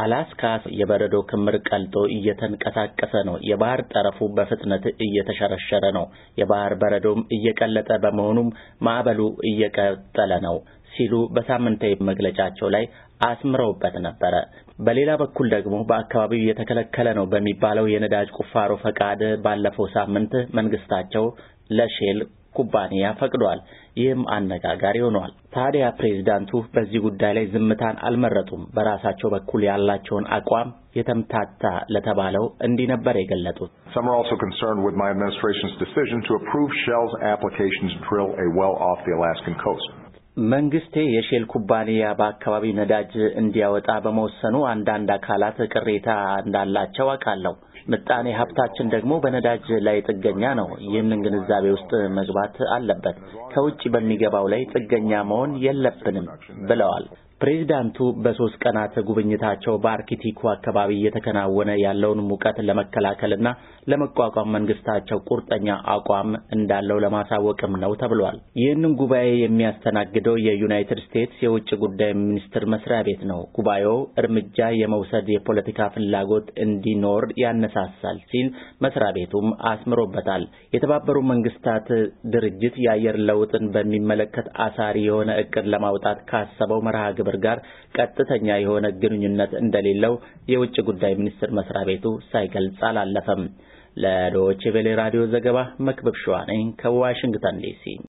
አላስካ የበረዶ ክምር ቀልጦ እየተንቀሳቀሰ ነው። የባህር ጠረፉ በፍጥነት እየተሸረሸረ ነው። የባህር በረዶም እየቀለጠ በመሆኑም ማዕበሉ እየቀጠለ ነው ሲሉ በሳምንታዊ መግለጫቸው ላይ አስምረውበት ነበረ። በሌላ በኩል ደግሞ በአካባቢው እየተከለከለ ነው በሚባለው የነዳጅ ቁፋሮ ፈቃድ ባለፈው ሳምንት መንግስታቸው ለሼል ኩባንያ ፈቅዷል። ይህም አነጋጋሪ ሆኗል። ታዲያ ፕሬዝዳንቱ በዚህ ጉዳይ ላይ ዝምታን አልመረጡም። በራሳቸው በኩል ያላቸውን አቋም የተምታታ ለተባለው እንዲህ ነበር የገለጡት። መንግስቴ የሼል ኩባንያ በአካባቢው ነዳጅ እንዲያወጣ በመወሰኑ አንዳንድ አካላት ቅሬታ እንዳላቸው አውቃለሁ። ምጣኔ ሀብታችን ደግሞ በነዳጅ ላይ ጥገኛ ነው። ይህንን ግንዛቤ ውስጥ መግባት አለበት። ከውጭ በሚገባው ላይ ጥገኛ መሆን የለብንም ብለዋል። ፕሬዚዳንቱ በሶስት ቀናት ጉብኝታቸው በአርኪቲኩ አካባቢ እየተከናወነ ያለውን ሙቀት ለመከላከልና ለመቋቋም መንግስታቸው ቁርጠኛ አቋም እንዳለው ለማሳወቅም ነው ተብሏል። ይህንን ጉባኤ የሚያስተናግደው የዩናይትድ ስቴትስ የውጭ ጉዳይ ሚኒስትር መስሪያ ቤት ነው። ጉባኤው እርምጃ የመውሰድ የፖለቲካ ፍላጎት እንዲኖር ያነሳሳል ሲል መስሪያ ቤቱም አስምሮበታል። የተባበሩት መንግስታት ድርጅት የአየር ለውጥን በሚመለከት አሳሪ የሆነ እቅድ ለማውጣት ካሰበው መርሃ ግብር ማህበር ጋር ቀጥተኛ የሆነ ግንኙነት እንደሌለው የውጭ ጉዳይ ሚኒስቴር መስሪያ ቤቱ ሳይገልጽ አላለፈም። ለዶይቼ ቬለ ራዲዮ ዘገባ መክበብ ሸዋ ከዋሽንግተን ዲሲ